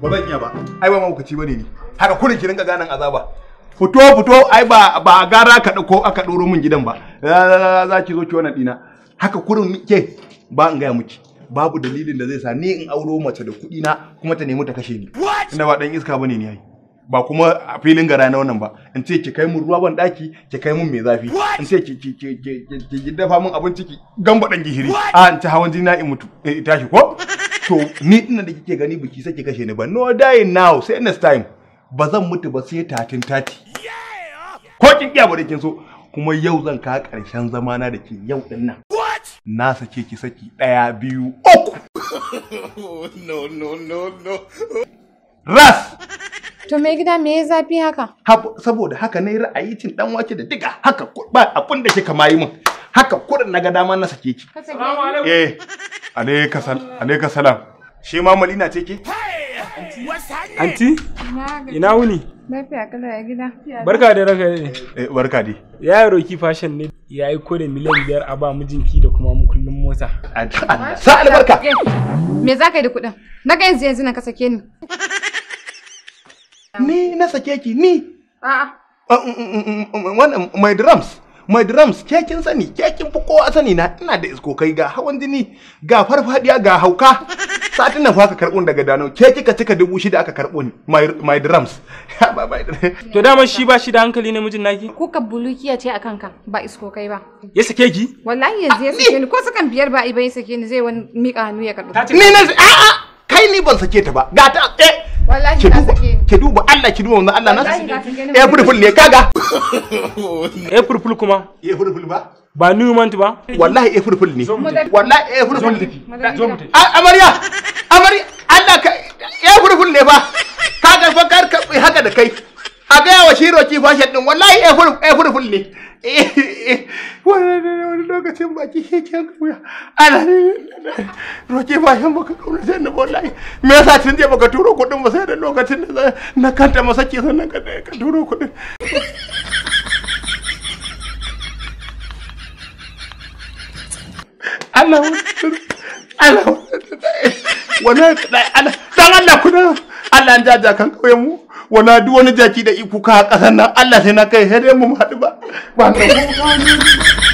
ba zan iya ba ai ba mahaukaci bane ni haka kurin ki rinka ganin azaba fito fito ai ba ba gara ka dauko aka doro min gidan ba za ki zo ki wannan dina haka kurin ke ba in gaya miki babu dalilin da zai sa ni in auro mace da kuɗi na kuma ta nemi ta kashe ni ina ba dan iska bane ni ai ba kuma a filin gara na wannan ba in ce ki kai mun ruwa ban daki ki kai mun mai zafi in ce ki ki ki ki dafa mun abinci ki gamba dan gihiri a in ci hawan jini na in mutu eh, tashi ko to ni ina da kike gani biki ki kashe ni ba no die now say next time ba zan mutu ba sai tatin tati ko kin kiya bare kin so kuma yau zan ka karshen zamana da ke yau dinnan na sake ki saki daya biyu uku no no no no ras To me gida me ya zafi haka? Saboda haka ne ra'ayi cin dan wake da diga haka ba abin da kika mayi min. Haka kudin na ga dama na sake ki. Assalamu alaikum. Eh. Alaika salam. Shi ma Malina ce ke? Anti? Ina wuni? Lafiya kala ya gida. Barka da raka ne. Barka dai. Ya yi roki fashion ne ya yi kore miliyan biyar a ba mijinki da kuma mukullin mota. Sa albarka. Me za ka yi da kuɗin? Na ga yanzu yanzu na ka sake ni. Ni na sake ki ni. A'a. Wannan my drums. drums ke kin sani ke kin fi kowa sani na ina da iskokai ga hawan jini ga farfadiya ga hauka satin na faka ka daga dano ke kika cika dubu shida aka karbo ni my drums to dama shi ba shi da hankali ne mijin naki ko ka bulukiya ce akan ka ba kai ba ya sake ki wallahi yanzu ya sake ni ko sakan biyar ba ibai sake ni zai wani mika hannu ya karbo ni na a kai ni ban sake ta ba ga ta eh wallahi ki duba ki duba Allah ki duba wannan Allah na eh furful ne kaga eh furful kuma eh furful ba ba new month ba wallahi eh furful ne wallahi eh furful ne amarya amarya Allah ka eh furful ne ba kaga fa kar haka da kai ka gaya wa shiro ki fashion din wallahi eh furful ne wani lokacin baki shi ke kuya ana ne roki fashion baka kauna sai na wallahi me yasa tun je baka turo kudin ba sai da lokacin da na kanta masa ke sannan ka ka turo kudin Allah Allah wannan Allah dan Allah kuna Allah an jaja kan kauyen mu wala duk wani jaki da ikuka ka kasan nan Allah sai na kai sai dai mu haɗu ba ba